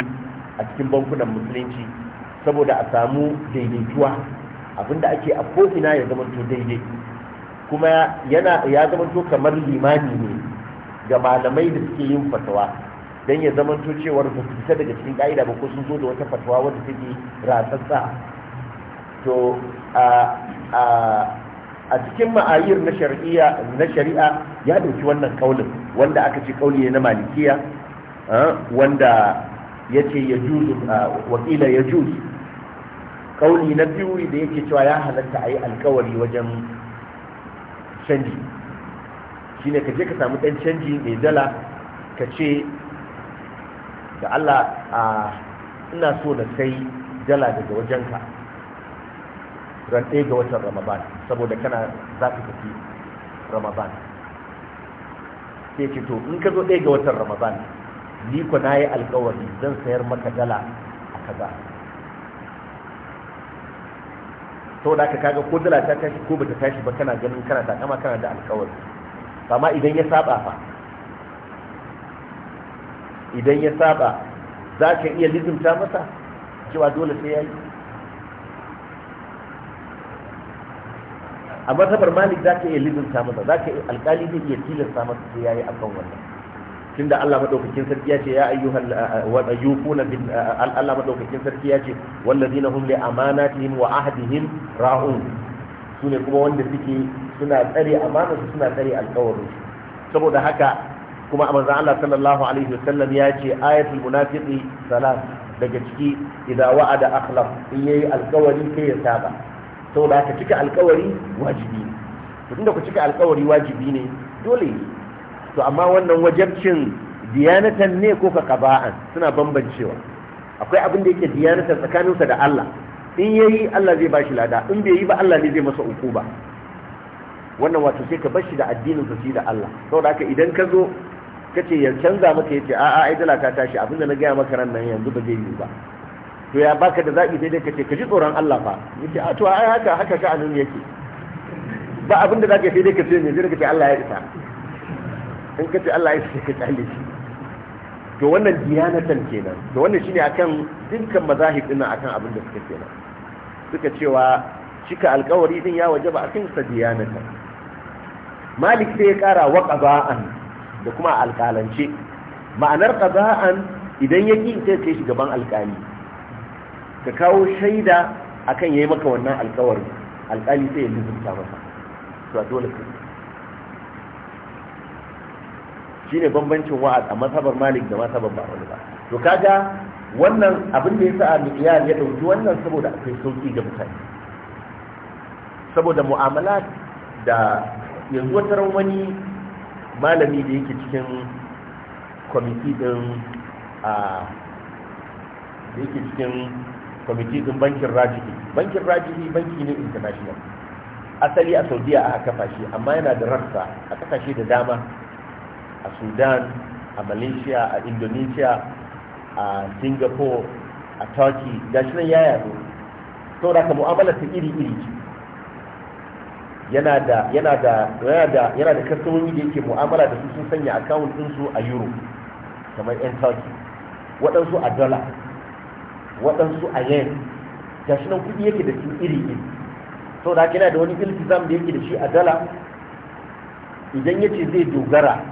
a cikin bankunan musulunci saboda a samu daidaituwa abinda ake a ko'ina ya to daidai kuma yana ya zamanto kamar limani ne ga malamai da suke yin fatawa don ya zamanto cewar ba su fita daga cikin ka'ida ba ko sun zo da wata fatawa wadda take ratsatsa to a a cikin ma'ayir na shari'a na shari'a ya dauki wannan kaulin wanda aka ce kauli ne na malikiya wanda ya ce ya juzu wakila ya juzu kauli na biyu da yake cewa ya halatta a yi alkawari wajen canji Shi ne ka je ka samu ɗan canji mai dala ka ce da Allah a ina so na sai dala daga wajenka ran ɗaya ga watan ramadan saboda kana za ka tafi ramadan sai ce to in ka zo ɗaya ga watan ramadan ni ko na yi alkawari zan sayar maka dala a kaza saboda ka kaga ko dala ta tashi ko bata tashi ba kana ganin kana takama kana da alkawari amma idan ya saba fa idan ya saba za ka iya lizimta masa cewa dole sai ya yi a mazhabar malik za ka iya lizinta masa za ka alkali zai iya tilasta masa sai yayi akan wannan tunda Allah madaukakin sarki ya ce ya ayyuhal wa bin Allah madaukakin sarki ya ce wallazina hum li amanatihim wa ahdihim ra'un sune kuma wanda suke suna tsare amanar su suna tsare alƙawarin. saboda haka kuma manzo Allah sallallahu alaihi wasallam ya ce ayatul munafiqi salat daga ciki idan wa'ada akhlaf in yayi alkawari sai ya saba saboda ka cika alkawari wajibi ne to tunda ku cika alkawari wajibi ne dole ne to amma wannan wajabcin diyanatan ne ko ka kaba'an suna bambancewa akwai abin da yake diyanatan tsakaninsa da Allah in yayi Allah zai bashi lada in bai yi ba Allah ne zai masa ba wannan wato sai ka bashi da addinin sa da Allah saboda haka idan ka zo kace ya canza maka yace a'a ai dala ta tashi abin da na ga maka ran nan yanzu ba zai yi ba to ya baka da zaɓi sai dai ka ce ka ji tsoron Allah fa yace a to ai haka haka ka sha'anin yake ba abin da zaka sai dai ka ce me zai ka ce Allah ya isa in ka ce Allah ya isa ka tsale shi to wannan diyanatan kenan to wannan shine akan dukkan mazahib din akan abin da suka kenan suka cewa cika alkawari din ya wajaba akan sa diyanatan malik sai ya kara wa qaza'an da kuma alkalance ma'anar qaza'an idan yaki sai kai shi gaban alkali ka kawo shaida a kan ya yi maka wannan alƙawari alƙali sai ya lizumta masa to dole ka ne bambancin wa'ad a masabar malik da mazhabar wani ba to kaga wannan abin da ya sa a qiyas ya dauki wannan saboda akwai sauki ga mutane saboda mu'amala da yanzu wata wani malami da yake cikin kwamiti din a da yake cikin kwamiti din bankin rajihi bankin rajihi banki ne international asali a saudiya aka kafa shi amma yana da rassa a kasashe da dama a sudan a malaysia a indonesia a singapore a turkey shi nan ya yaro da ka muamala ta iri iri ce yana da yana da yana da yana da kasuwanci da yake mu'amala da su sun sanya account su a euro kamar 'yan turkey waɗansu a dollar waɗansu a yen ga shi nan kuɗi yake da su iri iri so da yana da wani iltizam da yake da shi a dala idan ya ce zai dogara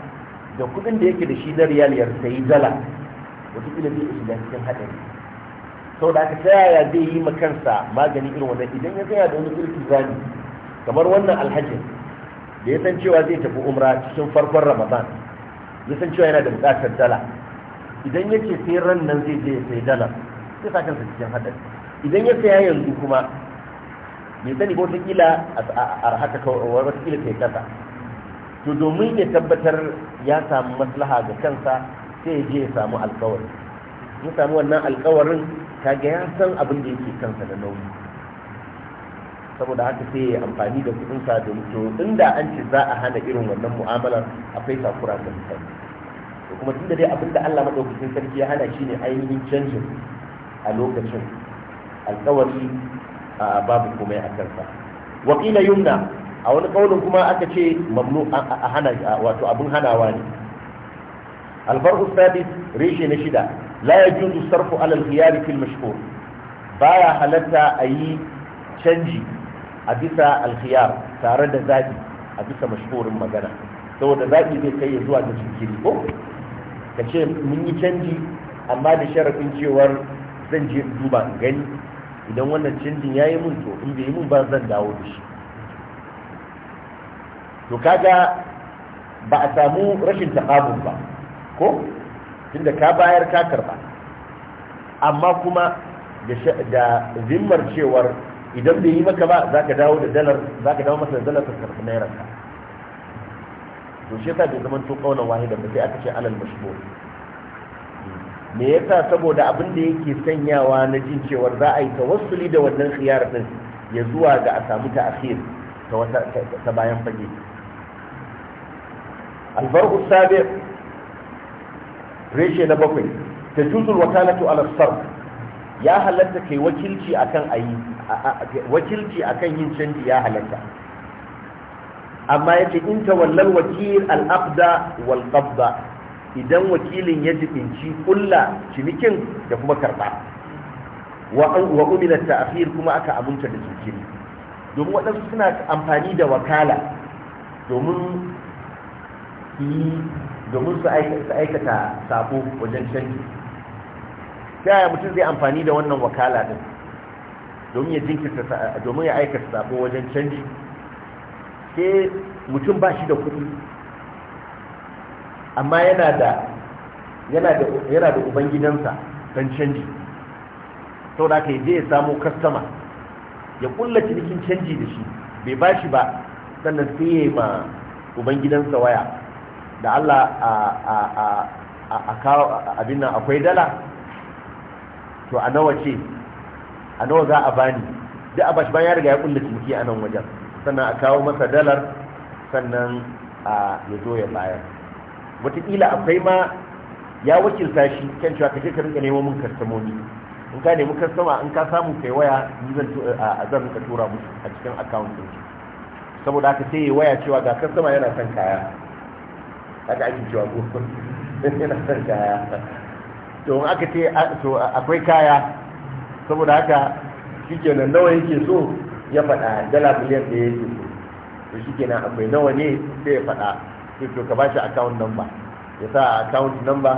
da kuɗin da yake da shi na riyal ya sayi dala wataƙila zai shiga cikin haɗari sau da aka ta yaya zai yi makansa magani irin wannan idan ya tsaya da wani iltizami kamar wannan alhajin da ya san cewa zai tafi umra cikin farkon ramadan ya san cewa yana da buƙatar dala idan ya ce sai ran nan zai je ya sai dala sai sa kansa cikin hadari idan ya saya yanzu kuma bai sani ko kila a haka kawai wata kila ta kasa to domin ya tabbatar ya samu maslaha ga kansa sai ya je ya samu alkawari ya samu wannan alkawarin kaga ya san abin da yake kansa da nauyi saboda haka sai ya amfani da kudin sa domin to inda an ce za a hana irin wannan mu'amalar akwai kura ga mutane to kuma tunda dai abin da Allah madaukakin sarki ya hana shine ainihin canjin a lokacin alkawari babu komai a kansa wakila yumna a wani kaunin kuma aka ce mamnu a hana wato abin hanawa ne Albarku sabis reshe na shida la ya juzu sarfu alal khiyari fil Ba baya halatta a yi canji a bisa alkhiyar tare da zaɓi a bisa mashhurin magana saboda zaɓi zai kai zuwa da jinkiri ko ka ce mun yi canji amma da sharafin cewar zan je in duba in gani idan wannan canjin ya yi mun to in bai yi mun ba zan dawo da shi to kaga ba a samu rashin taƙabun ba ko tunda ka bayar ka karba amma kuma da zimmar cewar idan bai yi maka ba za ka dawo da dalar za dawo masa da dalar ka karɓi naira ka to shi yasa bai zama to kaunan wahida ba sai aka ce alal mashhur me yasa saboda abin da yake sanyawa na jin cewar za a yi tawassuli da wannan khiyar din ya zuwa ga a samu ta akhir ta wata ta bayan fage alfarqu sabi reshe na bakwai ta tutul wakalatu ala sarf ya halatta kai wakilci akan ayi wakilci akan yin canji ya halatta amma yace in tawallal wakil al-aqda wal qabda idan wakilin ya jibinci kulla cinikin da kuma karba wa umila ta'khir kuma aka aminta da jinkiri domin waɗansu suna amfani da wakala domin domin su aikata sabo wajen canji ta yaya mutum zai amfani da wannan wakala din domin ya jinkirta domin ya aikata sabo wajen canji sai mutum ba shi da kuɗi amma yana da yana da ubangidansa don canji sau da aka je ya samo kastama ya kulla cinikin canji da shi bai bashi ba sannan sai ya yi ma ubangidansa waya da allah a abin nan akwai dala to a nawa ce a nawa za a bani duk a bashi bayan ya riga ya kulla ciniki a nan wajen sannan a kawo masa dalar sannan a ya zo ya bayar wataƙila akwai ma ya wakilta shi kan cewa kaje ka rinka nemo mun kastamoni in ka nemi kastama in ka samu kai waya ni zan a zan ka tura musu a cikin akawuntin su saboda haka sai ya waya cewa ga kastama yana son kaya haka ake cewa ko yana son kaya to in aka ce to akwai kaya saboda haka shi shikenan nawa yake so ya faɗa dala miliyan ɗaya yake so to shikenan akwai nawa ne sai ya faɗa sai to ka bashi account number ya sa account number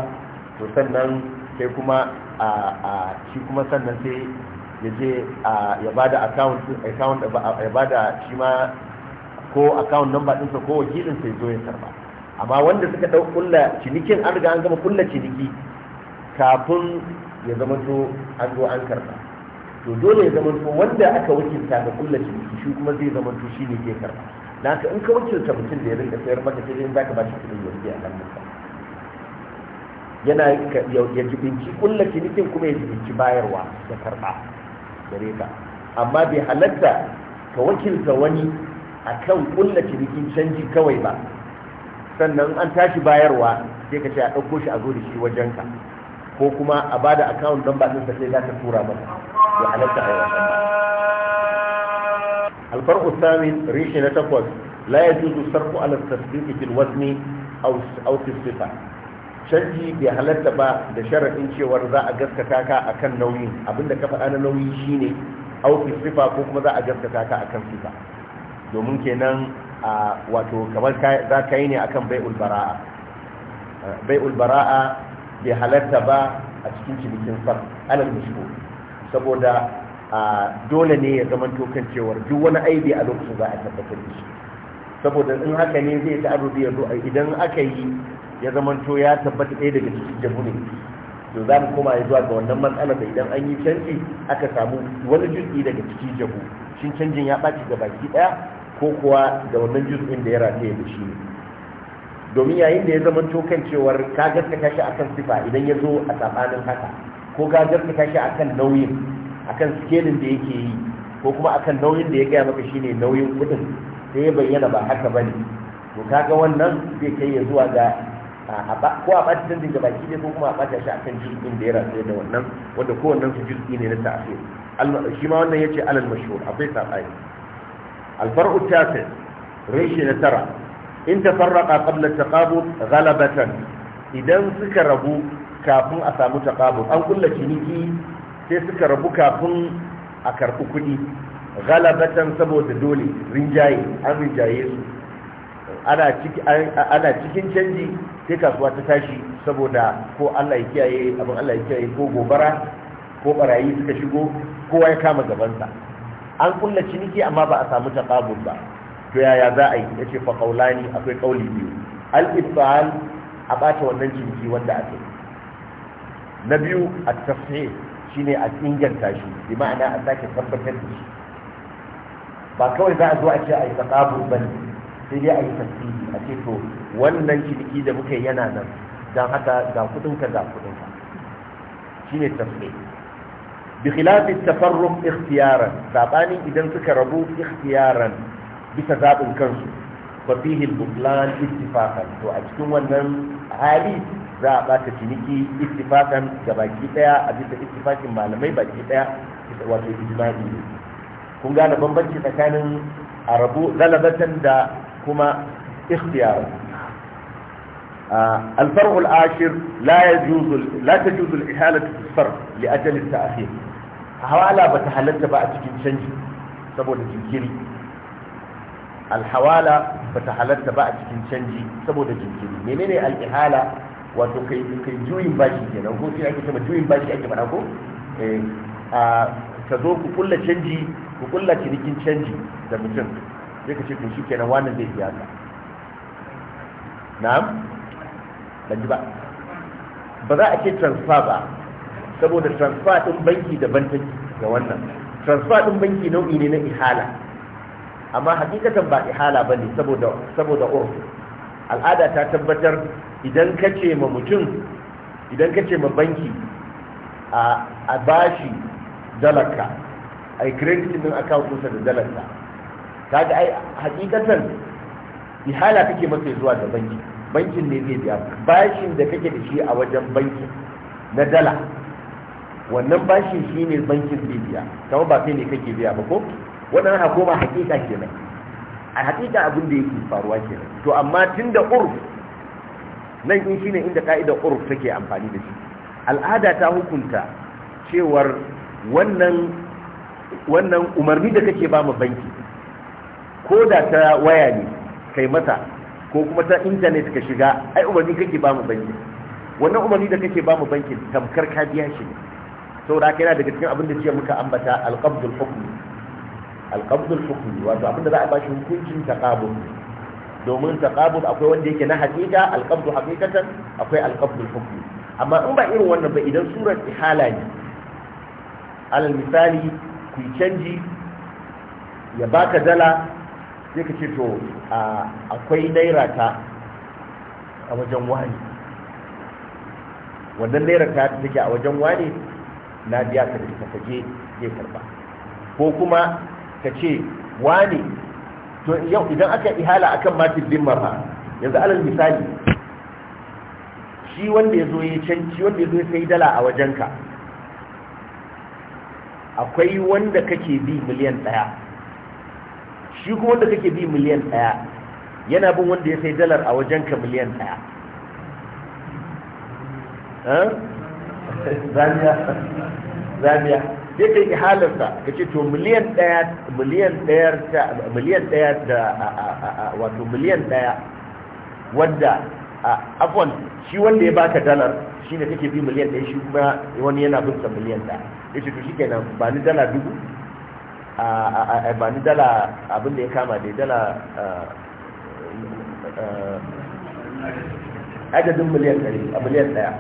to sannan sai kuma a a shi kuma sannan sai ya je ya bada account account ya bada shi ma ko account number ɗinsa ko wakilin sai zo ya karba amma wanda suka ɗau kulla cinikin an riga an gama kulla ciniki kafin ya zama to an zo an karba to dole ya zama to wanda aka wakilta da kulla ciniki shi kuma zai zama to shine ke karba na ka in ka wakilta mutum da ya rinka sayar maka sai in za ka ba shi kudin ya rike a ka yana ya jibinci kulla cinikin kuma ya jibinci bayarwa da karɓa gare ka amma bai halatta ka wakilta wani a kan kulla cinikin canji kawai ba sannan an tashi bayarwa sai ka ce a ɗauko shi a zo da shi wajen ka ko kuma a bada akawun don ba sai za ta tura ba bai halatta a yi wasan ba الفرق الثامن ريش نتقوز لا يجوز الصرف على التصديق في الوزن أو أو في الصفة canji bai halatta ba da sharaɗin cewar za a gaskata ka a kan nauyin abinda ka faɗa na nauyi shine auki sifa ko kuma za a gaskata ka a kan sifa domin kenan a wato kamar za ka yi ne akan kan bai'ul bara'a bai'ul bara'a bai halatta ba a cikin cinikin sar alal mishko saboda dole ne ya zama tokan cewar duk wani aibi a lokacin za a tabbatar da shi saboda in haka ne zai ta arzu ya zo idan aka yi ya zama to ya tabbata ɗaya daga cikin jabu ne to za mu koma zuwa ga wannan matsalar da idan an yi canji aka samu wani jirgi daga cikin jabu shin canjin ya ɓaci ga baki ɗaya ko kuwa da wannan jutsin da ya rataye da shi ne domin yayin da ya zama to kan cewar ka gaskata shi akan sifa idan ya zo a tsakanin haka ko ka gaskata shi akan nauyin akan skelin da yake yi ko kuma akan nauyin da ya gaya maka shine nauyin kudin sai ya bayyana ba haka bane to kaga wannan zai kai ya zuwa ga ko a ɓata da baki ne ko kuma a ɓata shi akan jirgin da ya rasu da wannan wanda kowannan su jirgi ne na ta'asir shi ma wannan ya yace alal mashhur akwai sabai الفرق التاسع ريش ترى إن تفرق قبل التقابض غلبة idan suka rabu kafin a samu taqabud an kulla ciniki sai suka rabu kafin a karɓi kuɗi galabatan saboda dole rinjaye an rinjaye su ana cikin canji sai kasuwa ta tashi saboda ko Allah ya kiyaye abin Allah ya kiyaye ko gobara ko barayi suka shigo kowa ya kama gabansa an kulla ciniki amma ba a samu taqabul ba to yaya za a yi yace fa qaulani akwai ƙauli biyu al ibtal a bata wannan ciniki wanda ake na biyu a tafsir ne a inganta shi bi ma'ana a sake tabbatar da shi ba kawai za a zo a ce a yi tsakabur ba ne sai dai a yi tasiri a ce to wannan ciniki da muke yana nan don haka ga kudinka ga kudinka ne tasiri bi khilafi tafarruq ikhtiyaran sabanin idan suka rabu ikhtiyaran bisa zaɓin kansu fa fihi al-butlan ittifaqan to a cikin wannan hali za a bata ciniki ittifakan ga baki a bisa ittifakin malamai baki daya wato ijma'i ne kun gane bambanci tsakanin arabu galabatan da kuma ikhtiyar الفرع العاشر لا يجوز لا تجوز الإحالة في الصرف لأجل التأخير حوالا بتحلت بقى cikin canji saboda jinkiri alhawala bata halatta ba a cikin canji saboda jinkiri menene al-ihala wato kai kai juyin bashi kenan ko sai ake cewa juyin bashi ake faɗa ko eh a ka zo ku kulla canji ku kulla cinikin canji da mutum sai ka ce to shikenan wannan zai biya ka na'am ban ji ba ba za a ce transfer ba saboda transfer din banki daban take ga wannan transfer din banki nau'i ne na ihala amma hakikatan ba ihala bane saboda saboda urfi al'ada ta tabbatar idan ka ce ma mutum idan ka ce ma banki a bashi dalarka a yi kreditin din account kusa da dalarka ta ga ai hakikatan ihala kake masa zuwa da banki bankin ne zai biya bashin da kake da shi a wajen banki na dala wannan bashin shi ne bankin zai biya kama ba kai ne kake biya ba ko waɗannan hakoma hakika kenan a hakika abin da yake faruwa ke to amma tun da urf nan in shine inda ka'idar urf take amfani da shi al'ada ta hukunta cewar wannan wannan umarni da kake ba mu banki ko da ta waya ne kai mata ko kuma ta intanet ka shiga ai umarni kake ba mu banki wannan umarni da kake ba mu bankin tamkar ka biya shi ne saboda kai yana daga cikin abin da ce muka ambata alqabdul hukm alqabdul hukumi wato abinda za a bashi hukuncin taqabul domin taqabul akwai wanda yake na hakika alqabdu hakikatan akwai alqabdul hukumi amma in ba irin wannan ba idan surar ihala ne alal misali ku canji ya baka dala sai ka ce to akwai naira ta a wajen wani wannan naira ta take a wajen wani na biya ka da ita kaje zai karba ko kuma ka ce wane to yau idan aka ihala akan matin din marha yanzu alal misali shi wanda ya zo ya canci wanda ya zo ya sai dala a wajenka akwai wanda kake bi miliyan ɗaya shi kuma wanda kake bi miliyan ɗaya yana bin wanda ya sai dalar a wajenka miliyan ɗaya zaniya zamiya sai ka ki halarsa ka ce to miliyan ɗaya miliyan ɗaya miliyan ɗaya da wato miliyan ɗaya wadda afon shi wanda ya baka dalar shi ne kake bi miliyan ɗaya shi kuma wani yana bin miliyan ɗaya ya ce to shi kenan ba ni dala dubu ba ni dala abinda ya kama dai dala adadin miliyan ɗaya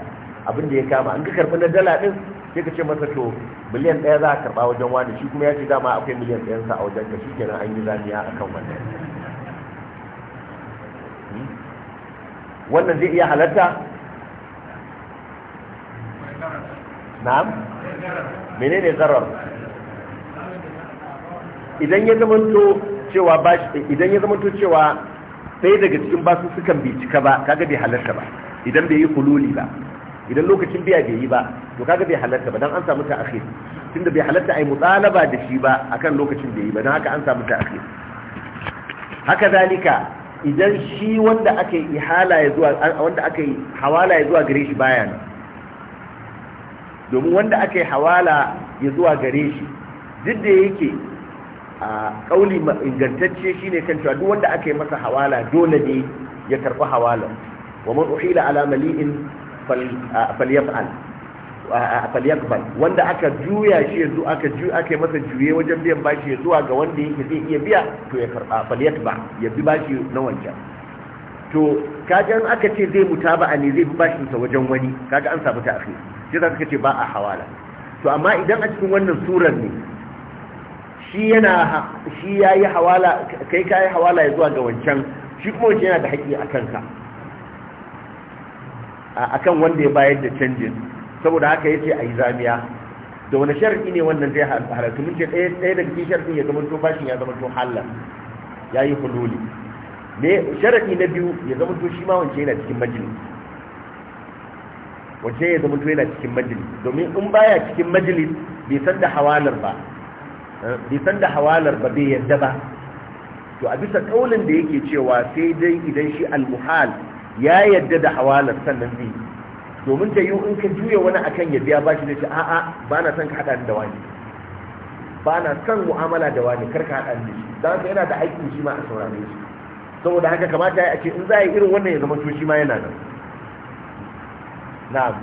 abinda ya kama an ka karɓi na dala ɗin sai ka ce masa to miliyan ɗaya za a karɓa wajen wani shi kuma ya ce dama akwai miliyan ɗayan sa a wajen ka shikenan an yi zaniya a kan wannan hmm? wannan zai iya halatta na'am menene zarar idan ya to cewa ba idan ya zamanto cewa sai daga cikin basu sukan bincika cika ba kaga bai halarta ba idan bai yi kululi ba idan lokacin biya bai yi ba to kaga bai halatta ba dan an samu ta akhir tunda bai halatta ai mutalaba da shi ba akan lokacin bai yi ba dan haka an samu ta akhir haka zalika idan shi wanda aka yi ihala ya zuwa wanda aka yi hawala ya zuwa gare shi baya ne domin wanda aka yi hawala ya zuwa gare shi duk da yake a kauli ingantacce shine kan cewa duk wanda aka yi masa hawala dole ne ya karɓi hawalan wa man uhila ala mali'in falyaf'al falyakbal wanda aka juya shi yanzu aka ju aka masa juye wajen biyan bashi zuwa ga wanda yake zai iya biya to ya karba falyakba ya bi bashi na wancan to kaga aka ce zai mutaba'a ne zai bi bashin sa wajen wani kaga an samu ta'afi sai za ka ce ba a hawala to amma idan a cikin wannan surar ne shi yana shi yayi hawala kai kai hawala ya zuwa ga wancan shi kuma wancan yana da haƙi a kanka akan wanda ya bayar da canjin saboda haka yace a yi zamiya da wani shar'i ne wannan zai halarci mun ce ɗaya daga cikin shar'i ya zama to bashin ya zama to halal ya yi hululi ne shar'i na biyu ya zama to shi ma wance yana cikin majalis Wace ya zama to yana cikin majalis domin in baya cikin majalis bai san da hawalar ba eh, bai san da hawalar ba bai yadda ba to a bisa kaulin da yake cewa sai dai idan shi al-muhal ya yadda da hawalar sannan zai yi domin ta yi in ka juya wani akan ya biya bashi da ce a'a ba na son ka haɗa ni da wani ba na son mu'amala da wani kar ka haɗa ni da shi don haka yana da aikin shi ma a saurare shi saboda haka kamata ya ce in za a yi irin wannan ya zama to shi ma yana nan na'am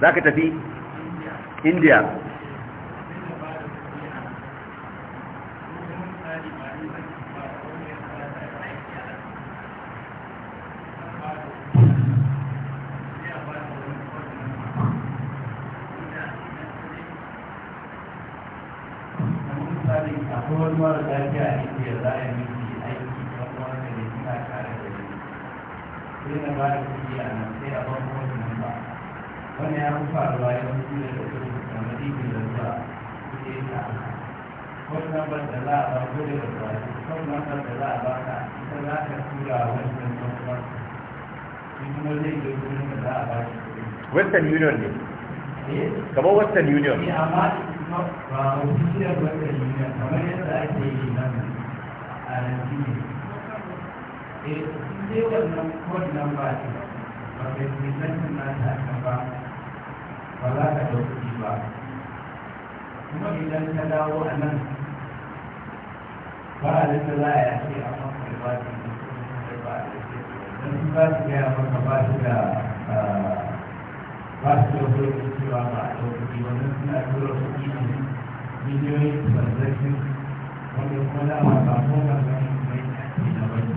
za ka tafi india wannan ya fi faruwa yawanci da lokacin da madidi da zuwa suke yi ta wasu lambar da za a ba ko da zuwa wasu lambar da za a ba ka ita za ka tura wani da kuma shi kuma zai yi wurin da za a ba shi western union ne eh? kamar western union ne eh, amma ba ofishiyar western union kamar yadda ake yi nan a najeriya E eh, sai wannan nan, number ne ba bai kusantar nata a kan ba ba za ka ɗauki ba kuma idan ka dawo a nan ba a da za a yi a makar ba ta yi ba a da don su ba su gaya maka ba su da ah, ba su da wurin cewa ba a ɗauki ba don suna tura su ne miliyoyin transaction wanda kuma da ba ba ko ba ga mai kaci na ba ne.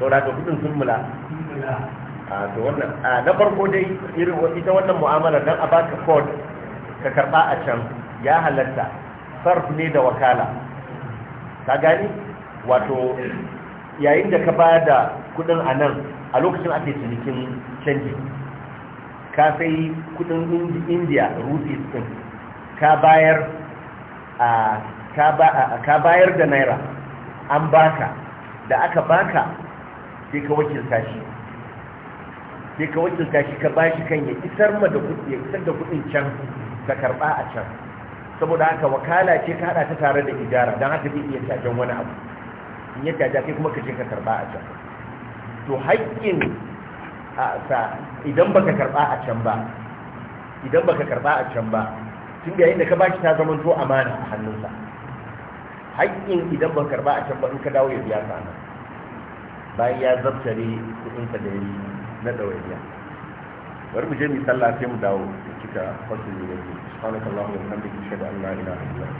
Saboda kudin sun mula. Sun na farko dai irin ita wannan mu'amala dan a baka code ka karba a can ya halatta sarf ne da wakala ka gani wato yayin da ka bada kudin a nan a lokacin ake cinikin canji ka sai kudin india rupees din ka bayar a ka bayar da naira an baka da aka baka sai ka wakilta shi sai ka wakilta shi ka ba shi kan ya isar ma da kudi ya isar da kuɗin can ka karɓa a can saboda haka wakala ce ka hada ta tare da idara don haka zai iya cajen wani abu in ya caja kai kuma ka je ka karɓa a can to haƙƙin a sa idan baka karɓa a can ba idan baka karɓa a can ba tun da yayin da ka ba shi ta zama to amana a hannunsa haƙƙin idan baka karɓa a can ba in ka dawo ya biya ka nan bayan ya zabtare kuɗinsa da ya yi na ɗawaiya bari mu je mu sallah sai mu dawo da kika fasul ne wani wa bihamdika shaɗa an la ilaha illa anta